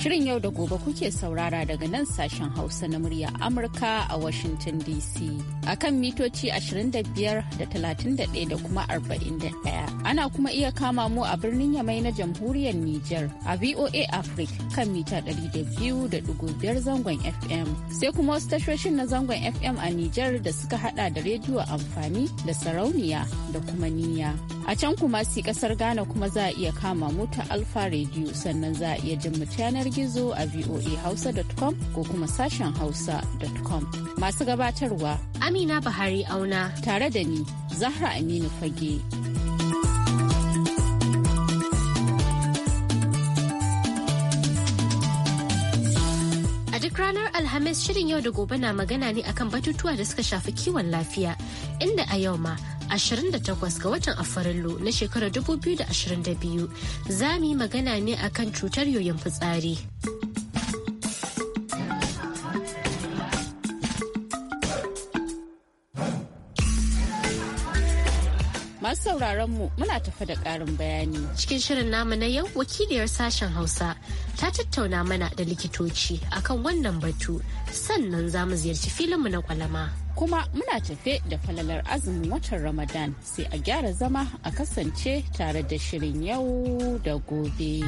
Shirin yau da gobe kuke saurara daga nan sashen Hausa na murya Amurka a Washington DC. A kan mitoci 25 da 31 da kuma 41. Ana kuma iya kama mu a birnin Yamai na Jamhuriyar Nijar a VOA Africa kan mita 200.5 zangon FM. Sai kuma wasu tashoshin na zangon FM a Nijar da suka hada da rediyo amfani da sarauniya da kuma niya A can kuma si kasar Ghana kuma za a iya kama mu ta Alfa Radio sannan za a iya jin mu yanar gizo a voahausa.com ko kuma sashen hausa.com. Masu gabatarwa Amina Buhari Auna tare da ni Zahra Aminu Fage. duk ranar alhamis shirin yau da gobe na magana ne akan batutuwa da suka shafi kiwon lafiya inda a yau ma 28 ga watan Afrilu na shekarar 2022 za mu yi magana ne akan cutar yoyon fitsari. masu sauraron mu muna tafa da ƙarin bayani. Cikin shirin namu na yau wakiliyar sashen Hausa ta tattauna mana da likitoci akan wannan batu sannan za mu ziyarci filinmu na kwalama. kuma muna tafe da falalar azumin watan Ramadan sai a gyara zama a kasance tare da shirin yau da gobe.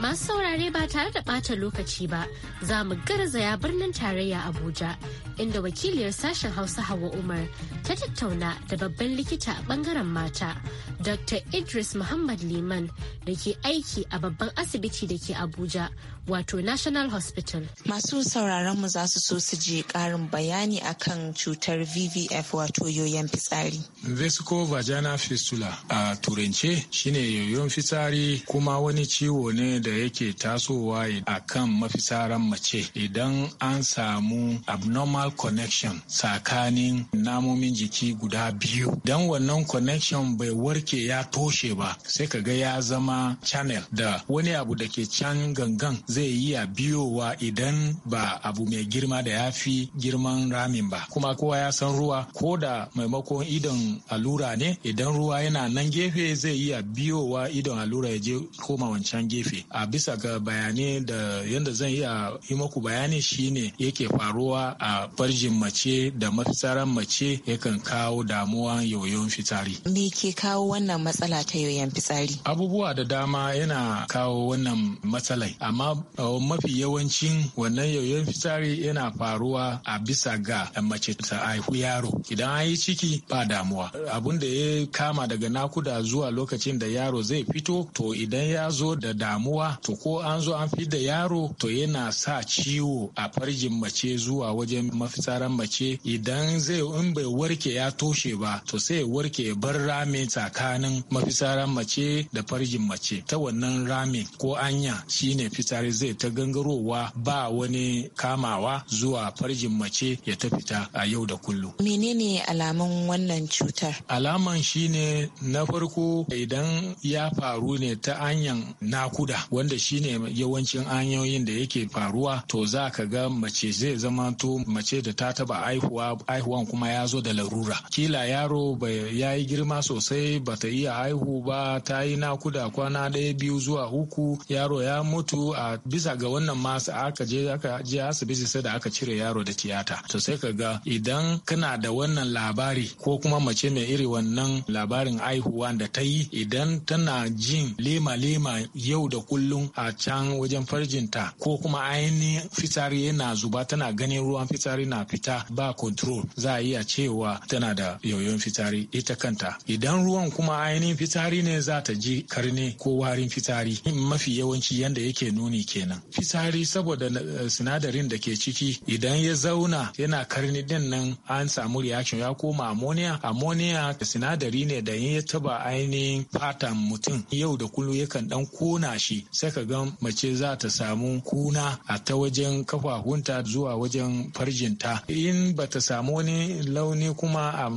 masu saurare ba tare da ɓata lokaci ba za mu garzaya birnin tarayya abuja inda wakiliyar sashen hausa hawa umar ta tattauna da babban likita a ɓangaren mata Dr. Idris Muhammad Liman da ke aiki a babban asibiti da ke Abuja wato National Hospital. Masu sauraron mu za su so su je karin bayani akan cutar VVF wato yoyon fitsari. Vesico vagina fistula a turance shine yoyon fitsari kuma wani ciwo ne da yake tasowa a kan mafitsaran mace idan an samu abnormal connection tsakanin namomin jiki guda biyu. Dan wannan connection bai warke ya toshe ba sai ka ga ya zama channel da wani abu da ke can gangan zai yi a biyowa idan ba abu mai girma da ya fi girman ramin ba kuma kowa ya san ruwa ko da maimakon idon allura ne idan ruwa yana nan gefe zai yi iya biyowa idon allura ya je koma wancan gefe a bisa ga bayanai da yadda zan iya yi maku bayani shine yake faruwa a farjin mace da mafitsaran mace yakan kawo damuwa yoyon fitsari me ke kawo wannan matsala ta yoyon fitsari abubuwa da dama yana kawo wannan matsalai amma A mafi yawancin wannan yoyon fitsari yana faruwa a bisa ga mace ta haihu yaro idan an yi ciki ba damuwa abun da ya kama daga nakuda zuwa lokacin da yaro zai fito to idan ya zo da damuwa to ko an zo an fi da yaro to yana sa ciwo a farjin mace zuwa wajen mafitsaran mace idan zai in bai warke ya toshe ba to sai warke bar rame tsakanin mafitsaran mace da farjin mace ta wannan rame ko anya shine fitsari kawai zai ta gangarowa ba wani kamawa zuwa farjin mace ya ta fita a yau da kullum. Menene alamun wannan cutar? Alaman shine na farko idan ya faru ne ta hanyar nakuda wanda shine yawancin hanyoyin da yake faruwa to za ka ga mace zai zama to mace da ta taba haihuwa haihuwan kuma ya zo da larura. Kila yaro ya yi girma sosai ba bata iya haihu ba ta yi nakuda kwana ɗaya biyu zuwa uku yaro ya mutu a bisa ga wannan masu aka je aka je asibiti sai da aka cire yaro da tiyata to sai ka ga idan kana da wannan labari ko kuma mace mai iri wannan labarin aihuwa da ta yi idan tana jin lema lema yau da kullum a can wajen farjinta ko kuma ainihin fitsari yana zuba tana ganin ruwan fitsari na fita ba control za a iya cewa tana da yoyon fitsari ita kanta idan ruwan kuma ainihin fitsari ne za ta ji karne ko warin fitsari mafi yawanci yanda yake nuni kenan fitsari saboda eh, sinadarin da ke ciki idan ya zauna yana karni din nan an samu reaction ya koma ammonia ammonia sinadari ne da ya taba ainihin fatan mutum yau da kullum yakan dan kona shi sai ka ga mace za ta samu kuna a ta wajen kafafunta zuwa wajen farjinta in ba ta samu wani launi kuma a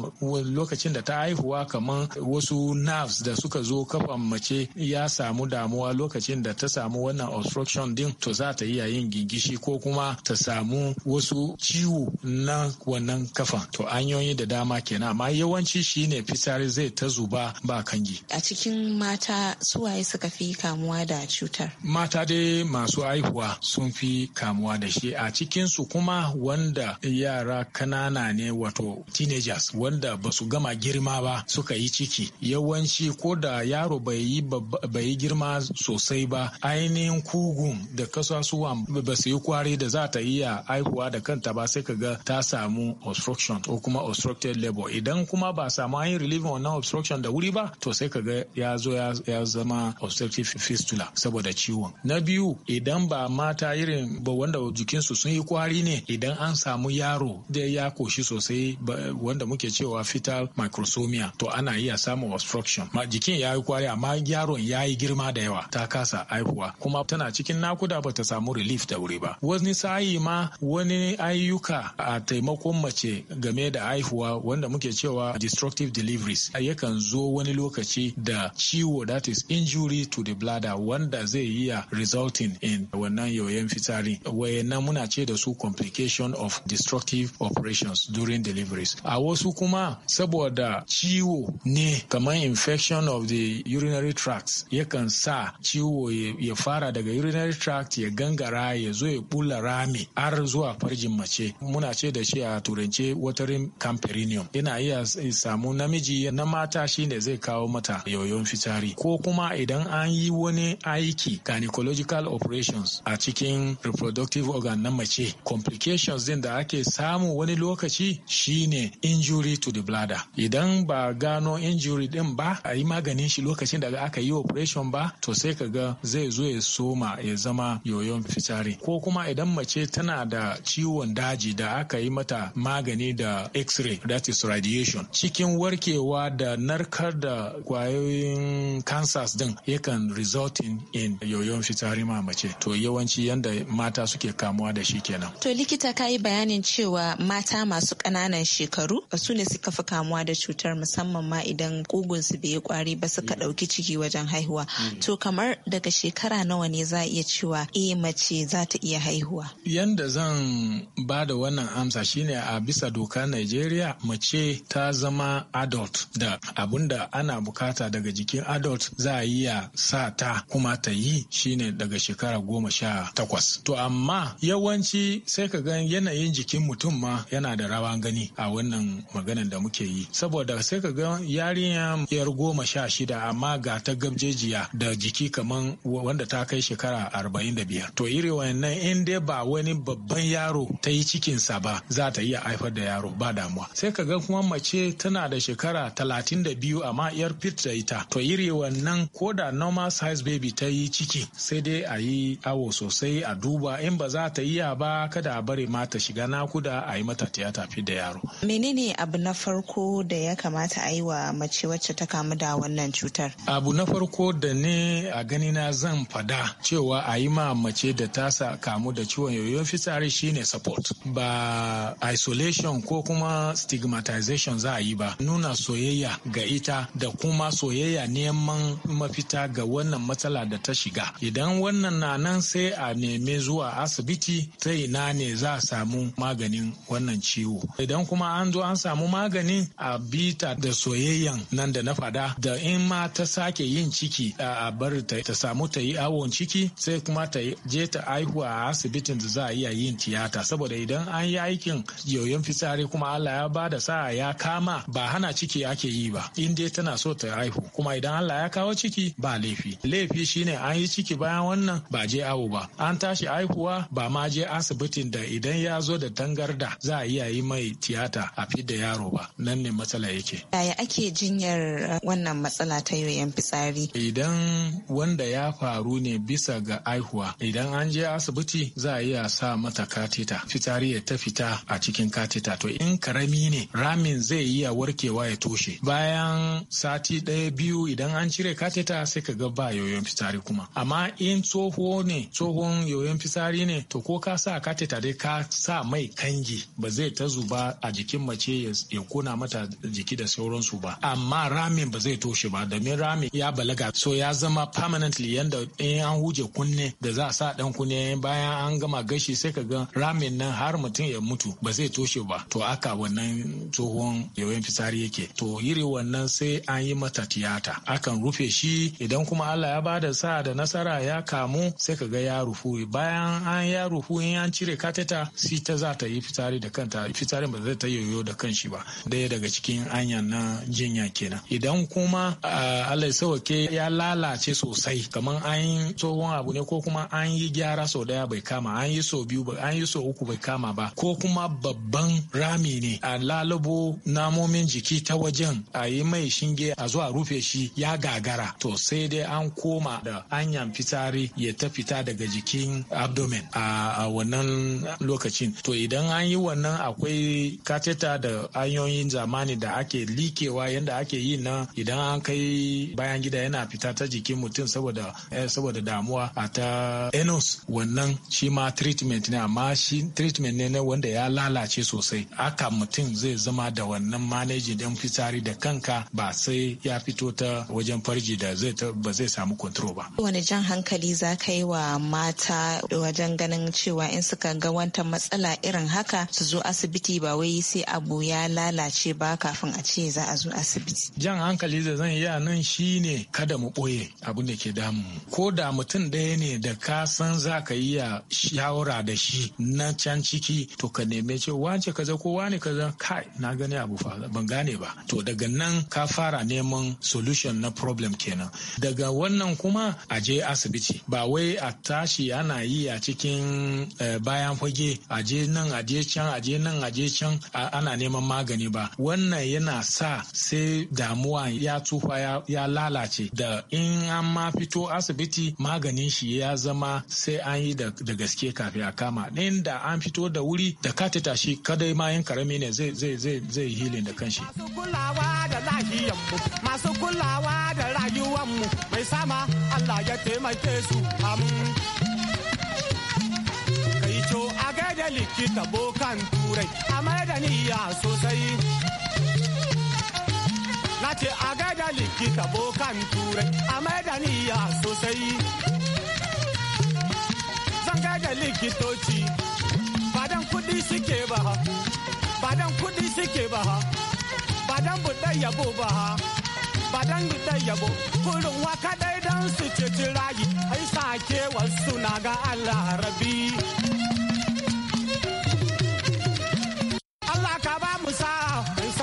lokacin da ta haihuwa kamar wasu nerves da suka zo kafan mace ya samu damuwa lokacin da ta samu wannan obstruction infection din to za ta iya yin gingishi ko kuma ta samu wasu ciwo na wannan kafa to hanyoyi da dama kenan amma yawanci shine fitsari zai ta zuba ba kangi a cikin mata suwaye suka fi kamuwa da cutar mata dai masu haihuwa sun fi kamuwa da shi a cikin su kuma wanda yara kanana ne wato teenagers wanda ba su gama girma ba suka yi ciki yawanci ko da yaro bai yi girma sosai ba ainihin kugun gun da kasuwa ba su yi kwari da za ta iya aihuwa da kanta ba sai ka ga ta samu obstruction ko kuma obstructed labor idan kuma ba samu an yi relieving wannan obstruction da wuri ba to sai kaga ga ya zo ya zama obstructive fistula saboda ciwon na biyu idan ba mata irin ba wanda jikinsu sun yi kwari ne idan an samu yaro da ya koshi sosai wanda muke cewa fetal microsomia to ana iya samun obstruction ma jikin ya yi kwari amma yaron ya yi girma da yawa ta kasa aihuwa kuma tana cikin nakuda ba ta samu relief da wuri ba wani sa'ayi ma wani ayyuka a taimakon mace game da haihuwa wanda muke cewa destructive deliveries yakan zo wani lokaci da ciwo that is injury to the bladder wanda zai iya resulting in wannan yoyon fitsari wayannan muna ce da su complication of destructive operations during deliveries a wasu kuma saboda ciwo ne kamar infection of the urinary tracts yakan sa ciwo ya fara daga urinary urinary tract ya gangara ya zo ya bula rami har zuwa farjin mace muna ce da shi a turance watering camperinium yana iya samu namiji na mata shine zai kawo mata yoyon fitari ko kuma idan an yi wani aiki gynecological operations a cikin reproductive organ na mace complications din da ake samu wani lokaci shine injury to the bladder idan ba gano injury din ba a yi maganin shi lokacin da aka yi operation ba to sai ka ga zai zo ya soma ya zama yoyon fitsari ko kuma idan mace tana da ciwon daji da aka yi mata magani da x-ray that is radiation cikin warkewa da narkar da kwayoyin cancers din yakan resulting in yoyon fitsari ma mace to yawanci yanda mata suke kamuwa da shi kenan to likita ka yi bayanin cewa mata masu kananan shekaru su ne suka fi kamuwa da cutar musamman ma idan kugunsu bai yi kwari ba suka mm. ɗauki ciki wajen haihuwa mm. to kamar daga shekara nawa ne za a iya cewa eh mace za ta iya haihuwa. Yanda zan ba da wannan amsa shine a bisa doka Najeriya mace ta zama adult da abunda ana bukata daga jikin adult za a iya sa ta kuma ta yi shine daga shekara goma sha takwas. To amma yawanci sai ka gan yanayin jikin mutum ma yana da rawan gani a wannan maganan da muke yi. Saboda sai ka gan yarinya yar goma sha shida amma ga ta gabjejiya da jiki kaman wanda ta kai shekara arba'in to iri nan in dai ba wani babban yaro ta yi cikinsa ba za ta iya haifar da yaro ba damuwa sai ka ga kuma mace tana da shekara talatin da biyu amma yar fit da ita to iri wannan ko da normal size baby ta yi ciki sai dai a yi awo sosai a duba in ba za ta iya ba kada a bari mata shiga nakuda a yi mata tiyata fi da yaro menene abu na farko da ya kamata a yi wa mace wacce ta kamu da wannan cutar abu na farko da ne a gani na zan fada cewa a yi ma mace da ta kamu da ciwon yoyon fitsari shine support ba isolation ko kuma stigmatization za a yi ba nuna soyayya ga ita da kuma soyayya neman mafita ga wannan matsala da ta shiga idan wannan na nan sai a neme zuwa asibiti ta ina ne za a samu maganin wannan ciwo idan kuma an zo an samu maganin a bita da soyayyan nan da na fada da in ma ta sake yin ciki a bar ta samu ta yi awon ciki sai sai kuma ta je ta aihu a asibitin da za a iya yin tiyata saboda idan an yi aikin yoyon fitsari kuma Allah ya bada da sa'a ya kama ba hana ciki ake yi ba in dai tana so ta aihu, kuma idan Allah ya kawo ciki ba laifi laifi shine an yi ciki bayan wannan ba je awo ba an tashi aihuwa ba ma je asibitin da idan ya zo da tangarda za a iya yi mai tiyata a fidda yaro ba nan ne matsala yake yaya ake jinyar uh, wannan matsala ta yoyon fitsari idan wanda ya faru ne bisa ga aihuwa idan an je asibiti za a iya sa mata katita fitari ya ta fita a cikin katita to in karami ne ramin zai iya warkewa ya toshe bayan sati ɗaya biyu idan an cire katita sai ka ga ba yoyon fitari kuma amma in tsoho ne tsohon yoyon fitari ne to ko ka sa katita dai ka sa mai kangi ba zai ta zuba a jikin mace ya kona mata jiki da sauransu ba amma ramin ba zai toshe ba domin ramin ya balaga so ya zama permanently yanda in an huje kunne kunne da za a sa dan kunne bayan an gama gashi sai ka ga ramin nan har mutum ya mutu ba zai toshe ba to aka wannan tsohon yawan fitsari yake to yiri wannan sai an yi mata tiyata akan rufe shi idan kuma Allah ya ba da sa da nasara ya kamu sai ka ga ya rufu bayan an ya rufu in an cire kateta si ta za ta yi fitsari da kanta fitsari ba zai ta yoyo da kanshi ba daya daga cikin anyan na jinya kenan idan kuma ah, Allah ya sauke ya lalace sosai kamar an tsohon abu ne ne ko kuma an yi gyara sau daya bai kama an yi sau biyu an yi sau uku bai kama ba ko kuma babban rami ne a lalubo namomin jiki ta wajen a yi mai shinge a zuwa rufe shi ya gagara to sai dai an koma da anyan fitari ya ta fita daga jikin abdomen a wannan lokacin to idan an yi wannan akwai kateta da hanyoyin zamani da ake likewa yadda ake yi na idan an kai bayan gida yana fita ta jikin mutum saboda eh, damuwa a ta enos wannan shi ma treatment ne amma shi treatment ne wanda ya lalace sosai haka mutum zai zama da wannan manejin don fitsari da kanka ba sai ya fito ta wajen farji da zai ba zai samu control ba wani jan hankali za ka yi wa mata wajen ganin cewa in suka ga wata matsala irin haka su zo asibiti ba wai sai abu ya lalace ba kafin a ce za a zo asibiti jan hankali da zan yi a nan shine kada mu boye abin da ke damu ko da mutum ɗaya ne da ka san za ka yi iya shawara da shi na can ciki to ka neme ce wance kaza ko wane kaza kai na gani abu fa ban gane ba to daga nan ka fara neman solution na problem kenan daga wannan kuma a je asibiti ba wai a tashi ana yi a cikin eh, bayan fage a je nan a je can a je nan a je can ana neman magani ba wannan yana sa sai damuwa ya tufa ya lalace da in an ma fito asibiti maganin shi shi ya zama sai an yi da gaske kafi a kama ɗin da an fito da wuri da ka ta shi kadai ma yan karami ne zai zai zai hilin da kanshi masu kulawa da lahiyanmu masu kulawa da rayuwanmu mai sama Allah ya taimake su kai to a gaida likita bokan turai a mai da niyya sosai na ce a gaida likita bokan turai a maidaniya sosai da likitoci badan kudi suke ba ha badan kudi suke ba ha badan buɗe yabo ba ha badan buɗe yabo kurin waka dai don su ceci rayu ai sake wasu na ga Allah rabi.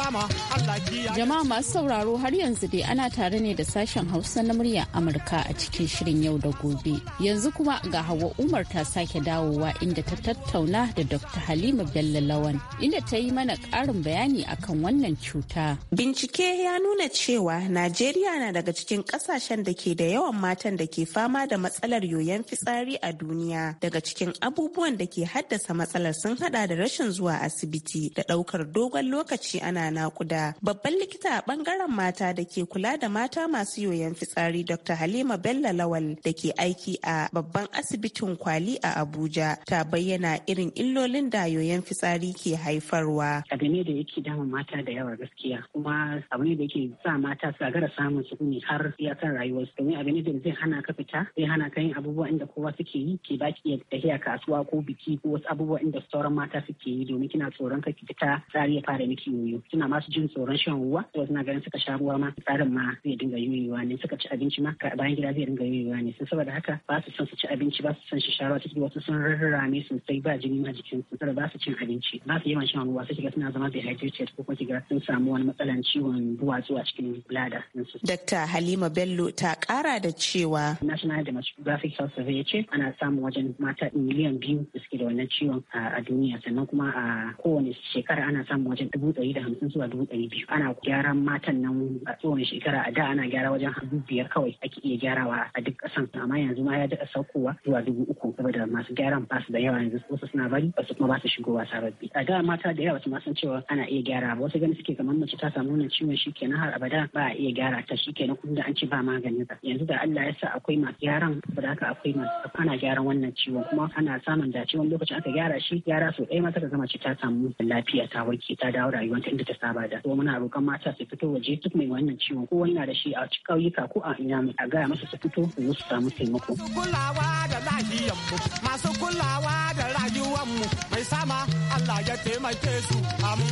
kama Allah Jama'a masu sauraro har yanzu dai ana tare ne da sashen Hausa na muryar Amurka a cikin shirin yau da gobe. Yanzu kuma ga Hauwa Umar ta sake dawowa inda ta tattauna da Dr. Halima Bello Lawan inda ta yi mana ƙarin bayani akan wannan cuta. Bincike ya nuna cewa Najeriya na daga cikin ƙasashen da ke da yawan matan da ke fama da matsalar yoyon fitsari a duniya. Daga cikin abubuwan da ke haddasa matsalar sun hada da rashin zuwa asibiti da ɗaukar dogon lokaci ana nakuda. Babban likita a bangaren mata da ke kula da mata masu yoyon fitsari Dr. Halima Bello Lawal da ke aiki a babban asibitin kwali a Abuja ta bayyana irin illolin da yoyon fitsari ke haifarwa. Abu da yake dama mata da yawa gaskiya kuma abu ne da yake sa mata su gara samun sukuni har iyakar rayuwarsu domin abu ne da zai hana ka fita zai hana ka yin abubuwa inda kowa suke yi ke baki ya tafiya kasuwa ko biki ko wasu abubuwa inda sauran mata suke yi domin kina tsoron ka fita tsari ya fara miki yoyo kina ma masu jin tsoron shan ruwa wasu na ganin suka sha ruwa ma tsarin ma zai dinga yoyewa ne suka ci abinci ma bayan gida zai dinga yoyewa ne saboda haka ba su son su ci abinci ba su son su sha ruwa suke wasu sun rarrame sosai ba jini ma jikin su ba su cin abinci ba su yawan shan ruwa sai suna zama dehydrated ko kuma ga sun samu wani matsalan ciwon duwatsu a cikin bladder su. Halima Bello ta kara da cewa National Demographic Health Survey ya ce ana samun wajen mata miliyan biyu da suke da wannan ciwon a duniya sannan kuma a kowane shekara ana samun wajen dubu dari da hamsin zuwa dubu ɗari biyu ana gyaran matan nan a tsohon shekara a da ana gyara wajen dubu biyar kawai ake iya gyarawa a duk ƙasan amma yanzu ma ya daɗa saukowa zuwa dubu uku saboda masu gyaran ba su da yawa yanzu wasu suna bari wasu kuma ba su shigowa sababbi a da mata da yawa su ma san cewa ana iya gyara ba wasu gani suke kamar mace ta samu wannan ciwon shi kenan har abada ba a iya gyara ta shi kenan kuma da an ce ba maganin ba yanzu da Allah ya sa akwai masu gyaran saboda haka akwai masu ana gyaran wannan ciwon kuma ana samun dace wani lokacin aka gyara shi gyara sau ɗaya mata ta gama ce ta samu lafiya ta warke ta dawo rayuwanta inda ta saba da. muna roƙon mata su fito waje duk mai wannan ciwon ko wani na da shi a ƙauyuka ko a ina a gaya masa su fito su su samu taimako. Kulawa da lahiyanmu masu kulawa da rayuwanmu mai sama Allah ya taimake su amu.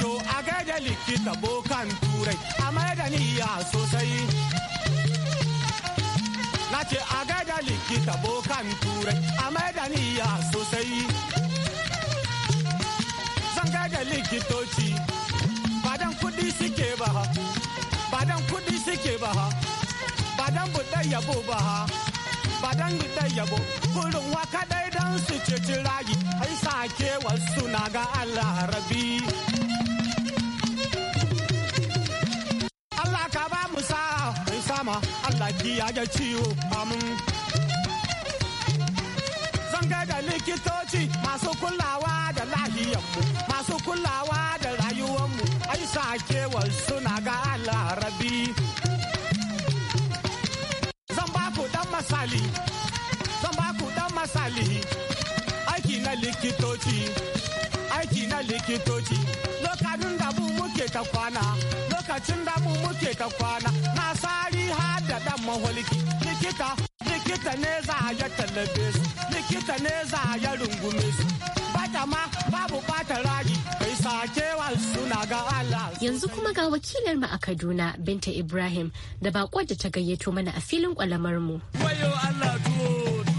to a gaida likita bokan turai a da niyya sosai Nace a gaida likita bokan turai a da niyya sosai da likitoci dan kudi suke ba ha Ba dan kudi suke ba ha Ba dan buɗe yabo ba ha Ba dan buɗe yabo kurin waka dai don su ceci rayu ai sake wasu na ga Allah rabi Allah ka ba mu sa sama Allah ga ciwo amin gaida da likitoci masu kulawa da lahiyanmu masu kulawa da rayuwanmu ai sakewar suna ga larabi zan ba ku dan zan ba ku dan masali aiki na likitoci aiki na likitoci lokacin da mu muke ta kwana lokacin da mu muke ta kwana na sari har da dan maholiki likita likita ne za a ya tallabe su likita ne za a ya rungume bata ma babu bata ragi kai sakewa suna ga Allah yanzu kuma ga wakilar mu a Kaduna Binta Ibrahim da bakon da ta gayyato mana a filin kwalamar mu wayo Allah tuwo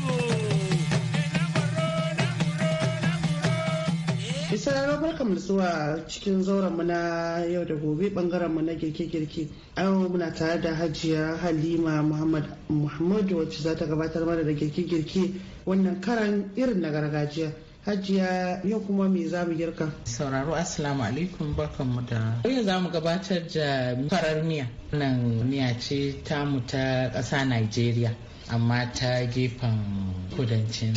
bisa Isararo mu zuwa cikin zauren mu na yau da gobe bangaren mu na girke-girke. Yau muna tare da Hajiya Halima Muhammad Muhammadu wacce za ta gabatar mana da girke-girke wannan karan irin na gargajiya. Hajiya yau kuma me za mu girka? Sauraro Assalamu alaikum barkanmu da. Yau za mu gabatar da farar miya. Nan miya ce tamu ta ƙasa nigeria. amma ta gefen kudancin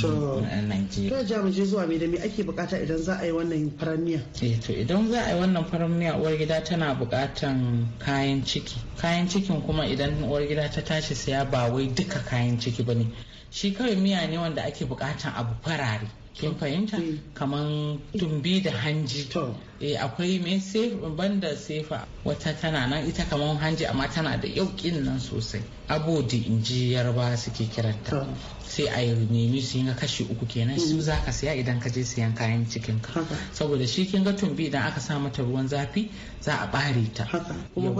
Nigeria. To mu je zuwa me da me ake bukata idan za a yi wannan faramiya. Eh to idan za a yi wannan faramiya uwar gida tana bukatan kayan ciki. Kayan cikin kuma idan uwar gida ta tashi saya ba wai duka kayan ciki bane. Shi kawai miya ne wanda ake bukatan abu farare. kin fahimta mm. kaman tumbi da hanji eh akwai mai sefa banda sefa wata tana nan ita kaman hanji amma tana da yaukin nan sosai abodi in ji yarba suke kiranta sai a yi nemi su yi kashi uku kenan su mm. za ka siya idan ka je siyan kayan cikin ka saboda shi kin ga tumbi idan aka sa mata ruwan zafi za a bare ta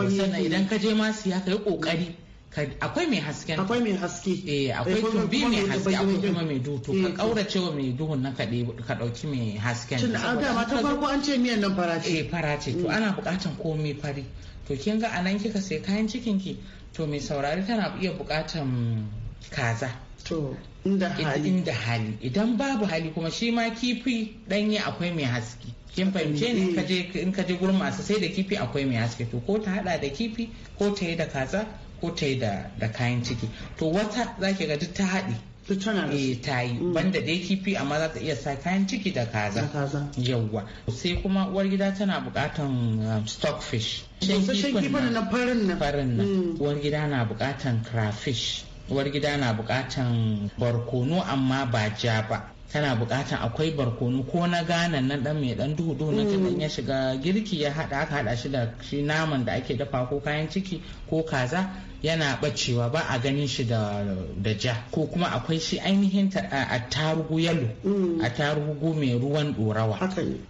sannan idan ka je ma siya ka yi kokari akwai mai hasken akwai mai haske eh akwai eh, tumbi mai haske akwai kuma mai duto ka kaura eh, cewa mai duhun nan ka ka dauki mai hasken tun an ga ma ta farko an ce miyan nan fara ce eh fara ce to mm. ana bukatan komai fari to kin ga anan kika sai kayan cikin ki to mai saurari tana iya bukatan kaza to inda hali inda hali idan babu hali kuma shi ma kifi danye akwai mai haske kin fahimce ne in ka je gurin masu sai da kifi akwai mai haske to ko ta hada da kifi ko ta yi da kaza ko ta yi da kayan ciki to wata za ki ga duk ta haɗi ta tana da eh, ta yi mm. banda dai kifi amma za ta iya sa kayan ciki da kaza yawwa sai kuma uwar gida tana bukatan um, stockfish shi kifin na farin nan farin nan mm. uwar na bukatan crayfish uwar gida na bukatan barkono amma ba ja ba tana bukatan akwai barkono ko na gana nan dan mai dan duhu duhu na mm. kadan ya shiga girki ya hada aka hada shi da shi naman da ake dafa ko kayan ciki ko kaza yana bacewa ba a ganin shi da ja ko kuma akwai shi ainihin attarugu yalo mm. tarugu mai ruwan dorawa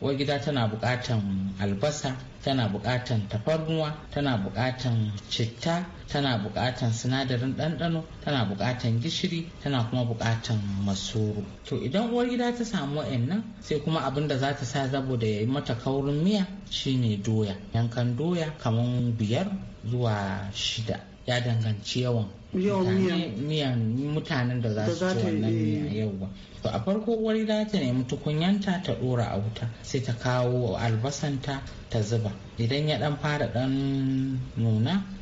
wai gida tana bukatan albasa tana buƙatan tafarnuwa tana buƙatan citta tana buƙatan sinadarin ɗanɗano tana buƙatan gishiri tana kuma buƙatan masoro to idan uwar gida ta samu wa'annan sai kuma abin da za ta sa zabo da ya yi mata kaurin miya shine doya yankan doya kamar biyar zuwa shida ya danganci yawan miyan mutanen da za su ci wannan miya yau ba to a farko wani za ta nemi tukunyanta ta dora a wuta sai ta kawo albasanta ta zuba idan ya dan fara dan nuna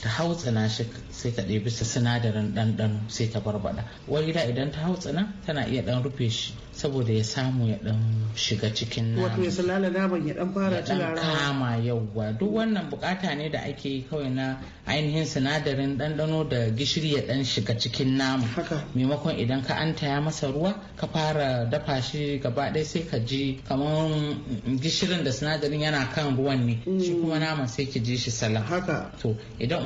ta na shi sai ta ɗebi sa sinadarin ɗanɗano sai ta barbaɗa wani da idan ta na tana iya ɗan rufe shi saboda ya samu ya ɗan shiga cikin wato ya salala naman ya ɗan fara tunarawa ya kama yawwa duk wannan bukata ne da ake yi kawai na ainihin sinadarin ɗanɗano da gishiri ya ɗan shiga cikin nama maimakon idan ka antaya masa ruwa ka fara dafa shi gaba ɗaya sai ka ji kamar gishirin da sinadarin yana kan ruwan ne shi mm. kuma naman sai ki ji shi salam to idan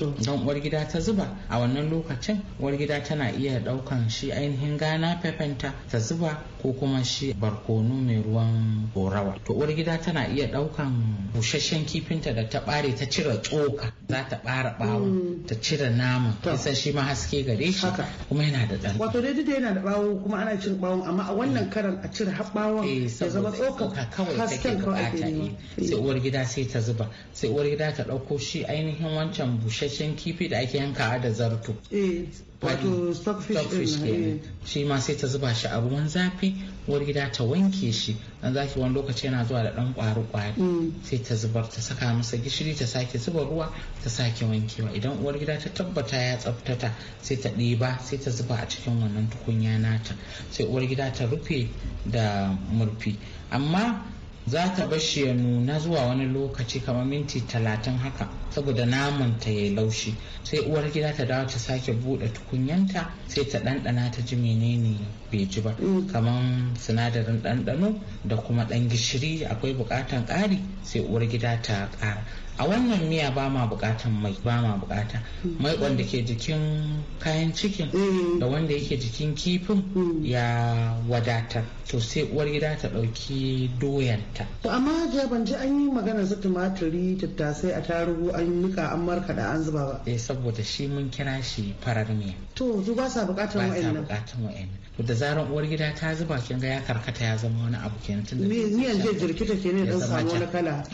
don uwar gida ta zuba a wannan lokacin uwar gida tana iya daukan shi ainihin gana pepenta ta zuba ko kuma shi barkono mai ruwan borawa. to uwar gida tana iya daukan busasshen kifinta da ta bare ta cire tsoka za ta bara bawa mm. ta cire nama kisan shi ma haske gare shi kuma yana da dan wato dai da yana da bawo kuma ana cin bawon amma a wannan mm. karan a cire har bawon eh, ya zama tsoka hasken kawai sai eh. uwar gida sai ta zuba sai uwar gida ta dauko shi ainihin wancan bushe busasshen kifi da ake yanka da zarto eh, wato stockfish kenan eh. shi ma sai ta zuba shi a ruwan zafi wani gida ta wanke shi dan zaki wani lokaci yana zuwa da dan kwari kwari mm. sai ta zubar ta saka masa gishiri ta sake zuba ruwa ta sake wankewa idan uwar gida ta tabbata ya tsaftata sai ta ɗiba sai ta zuba a cikin wannan tukunya nata sai uwar gida ta rufe da murfi amma za ta bashi ya nuna zuwa wani lokaci kamar minti talatin haka saboda naman ta ya laushi sai uwar gida ta dawo ta sake bude tukunyanta sai ta ɗanɗana ta ji menene bai ji ba mm. kamar sinadarin ɗanɗano da kuma ɗan gishiri akwai bukatan ƙari sai uwar gida ta ƙara a wannan miya ba ma bukatan mai ba ma bukata mai wanda ke jikin kayan cikin mm. da wanda yake jikin kifin mm. ya wadatar to sai uwar gida ta dauki doyanta to amma ja ban ji an yi magana su tumaturi tattasai a tarugu an yi nika an markaɗa, an zuba ba eh saboda shi mun kira shi farar miya to su ba sa bukatan wa'annan to da zaran uwar gida ta zuba kin ga ya karkata ya zama wani abu kenan tunda ni yanzu jirkita ke ne dan samu wani kala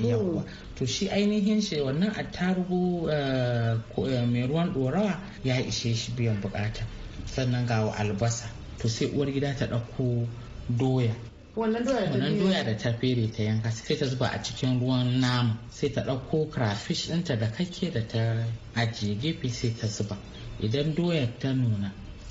to shi ainihin shi wannan attarugu eh, eh, mai ruwan dorawa ya ishe shi biyan bukata sannan ga albasa to sai uwar gida ta ɗauko doya wannan doya da ta fere ta yanka sai ta zuba a cikin ruwan nama sai ta ɗauko crayfish ɗinta da kake da ta ajiye gefe sai ta zuba idan doya ta nuna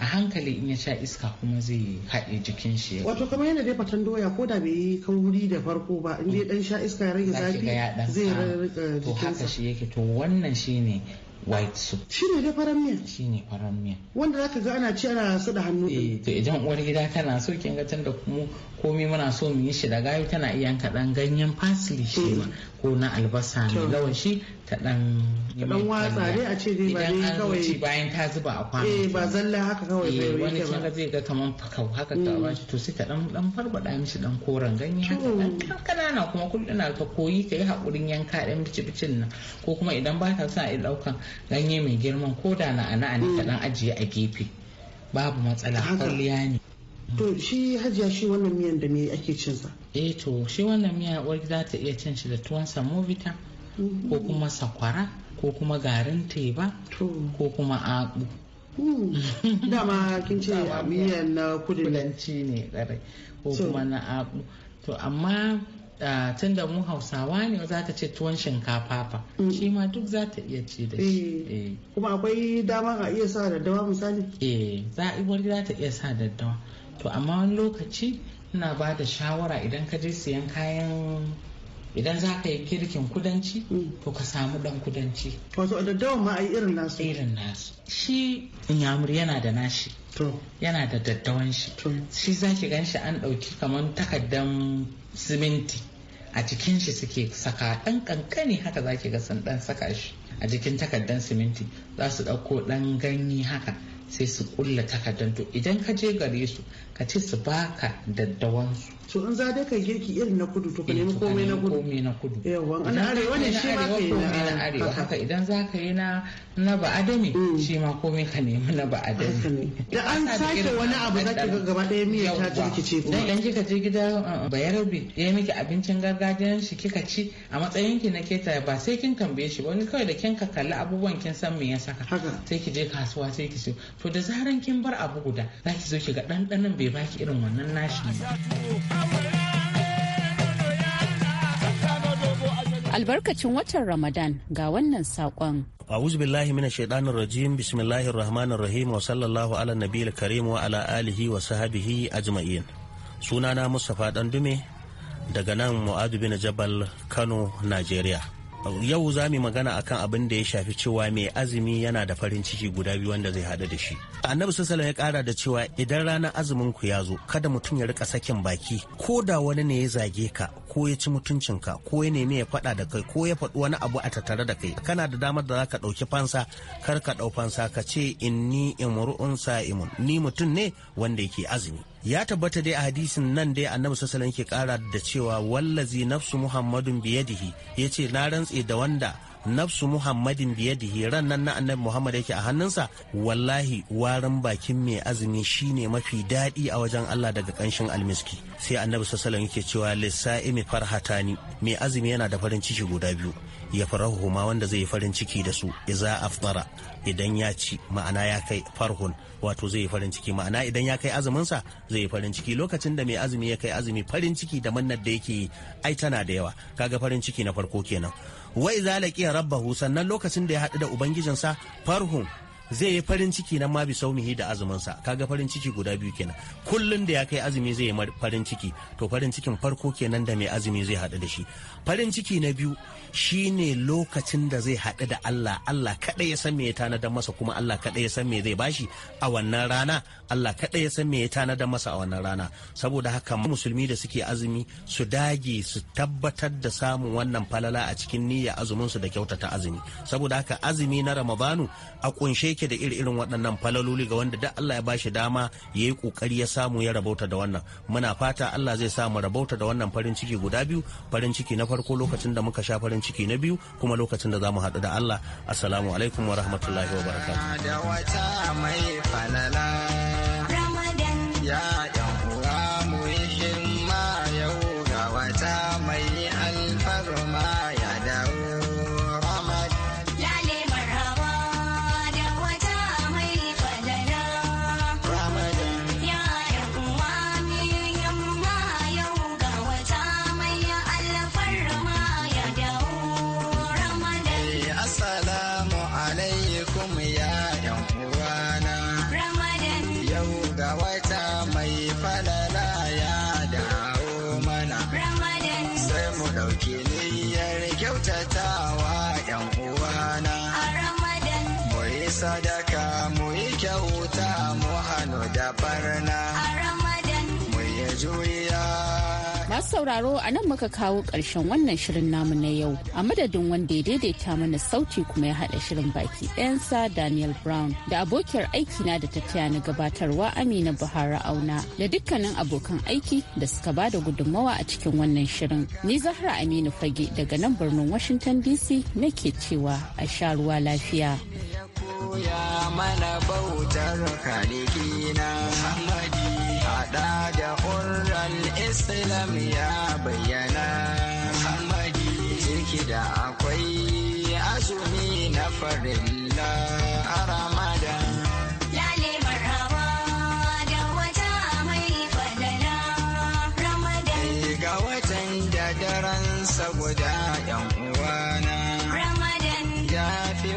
a hankali in ya sha iska kuma zai haɗe jikin shi wato kamar yana dai fatan doya ko da bai yi kauri da farko ba in dai dan sha iska ya rage zafi zai rarrika to haka shi yake to wannan shine white soup ne dai faran miya ne faran miya wanda zaka ga ana ci ana su da hannu eh to idan uwar gida tana so kin ga tunda kuma komai muna so mu yi shi da gayu tana iya yanka ganyen parsley shi ma ko na albasa mai lawashi ta dan dan watsa dai a ce dai ba dai kawai bayan ta zuba a kwano eh ba zalla haka kawai bai eh, yi wani kin ga zai ga kaman fakau haka ta mm. ba shi to sai ta dan dan farbada mishi dan koren ganye haka dan kanana kuma kullun na ka koyi kai hakurin yanka dan bici bicin nan ko kuma idan ba ka sa a daukan ganye mai girman ko da na ana ne ta dan mm. ajiye a gefe babu matsala kwalliya ne to shi hajiya shi wannan miyan da me ake cin sa eh to shi wannan miya wai za ta iya cin shi da tuwon samovita ko mm-hmm. kuma sakwara ko kuma garin teba ko kuma aku mm. dama kin ce miyan na kudulanci ne kare ko kuma na aku to amma Uh, ah, tun da mu hausawa ne za ta ce tuwon shinkafa fa mm. shi ma duk za ta iya ci da shi eh. Eh. kuma akwai dama a iya sa daddawa misali eh za a ta iya sa daddawa to amma wani lokaci ina ba da shawara idan ka je siyan kayan idan za ka yi kirkin kudanci mm. to ka samu dan kudanci wato daddawa ma a yi irin nasu irin nasu shi nyamur yana da nashi yana da daddawan shi shi za ki gan shi an ɗauki kamar takaddan siminti a cikin shi suke saka ɗan kankani haka za ki ga sun ɗan saka shi a jikin takaddan siminti za su ɗauko ɗan ganye haka sai su kulla takardar to idan ka je gare su ka ce su baka daddawansu so in za dai ka girki irin na kudu to ka nemi komai na kudu komai na kudu yawa an arewa ne shi ma ka yi na arewa haka idan za ka yi na na ba adami mm. shi ma komai ka nemi na ba adami da an sake wani abu za ki ga gaba daya miya ta turkice kuma idan kika je gida uh, bayarabe ya yi miki abincin gargajiyan shi kika ci a matsayin ki na keta ba sai kin tambaye shi wani kawai da kin ka kalli abubuwan kin san me ya saka sai ki je kasuwa sai ki so to da zaran kin bar abu guda za ki zo ki ga ɗanɗanon bai baki irin wannan nashi ne. Albarkacin watan Ramadan ga wannan saƙon. A'uz billahi mina shaidanin rajim, bismillahir rahmanir rahim wa sallallahu ala nabil karim wa ala alihi wa sahabihi ajma'in. Sunana Mustapha Dandume daga nan Mu'adu bin Jabal Kano, Najeriya. yau za mu magana akan abin da ya shafi cewa mai azumi yana da farin ciki guda biyu wanda zai haɗu da shi annabi sassala ya kara da cewa idan ranar azumin ku ya zo kada mutum ya rika sakin baki ko da wani ne ya zage ka ko ya ci mutuncinka ko ya nemi ya faɗa da kai ko ya faɗi wani abu a tattare da kai kana da damar da za ka ɗauki fansa kar ka ɗau fansa ka ce inni imru'un sa'imun ni mutum ne wanda yake azumi ya tabbata dai a hadisin nan dai annabi sallallahu alaihi yake kara da cewa wallazi nafsu muhammadun biyadihi ce na rantse da wanda nafsu muhammadin biyadihi hiran nan na annabi muhammad yake a hannunsa wallahi warin bakin mai azumi shine mafi daɗi a wajen allah daga ƙanshin almiski sai annabi sassalan yake cewa lissa'i farhata ni. mai azumi yana da farin ciki guda biyu ya farahu ma wanda zai yi farin ciki da su iza aftara idan ya ci ma'ana ya kai farhun wato zai yi farin ciki ma'ana idan ya kai azuminsa zai yi farin ciki lokacin da mai azumi ya kai azumi farin ciki da mannar da yake yi. ai tana da yawa kaga farin ciki na farko kenan wai zalaƙi rabbahu sannan lokacin da ya haɗu da ubangijinsa farhun zai yi farin ciki nan ma bi saumihi da azuminsa kaga farin ciki guda biyu kenan kullum da ya kai azumi zai yi farin ciki to farin cikin farko kenan da mai azumi zai haɗu da shi farin ciki na biyu shine lokacin da zai haɗu da Allah Allah kaɗai ya san me ya tanadar masa kuma Allah kaɗai ya san me zai bashi a wannan rana Allah kaɗai ya san me ya tanadar masa a wannan rana saboda haka musulmi da suke azumi su dage su tabbatar da samun wannan falala a cikin niyya azumin su da kyautata azumi saboda haka azumi na Ramadanu a kunshe yake da iri irin waɗannan falaloli ga wanda da Allah ya ba shi dama ya yi ƙoƙari ya samu ya rabauta da wannan muna fata Allah zai sa mu rabauta da wannan farin ciki guda biyu farin ciki na farko lokacin da muka sha farin ciki na biyu kuma lokacin da za mu haɗu da Allah assalamu alaikum wa rahmatullahi wa barakatuh da now. Masu sauraro a nan muka kawo ƙarshen wannan shirin namu na yau a madadin wanda ya daidaita mana sauti kuma ya haɗa shirin baki ɗayansa Daniel Brown da abokiyar aiki na da ta na gabatarwa Amina Buhari Auna da dukkanin abokan aiki da suka ba da gudunmawa a cikin wannan shirin. Ni Zahra Aminu Fage daga nan birnin Washington DC nake cewa a sha ruwa lafiya. mana bautar kaliki na. Haɗa da salam ya bayyana Muhammadi ciki da akwai azumi na farilla.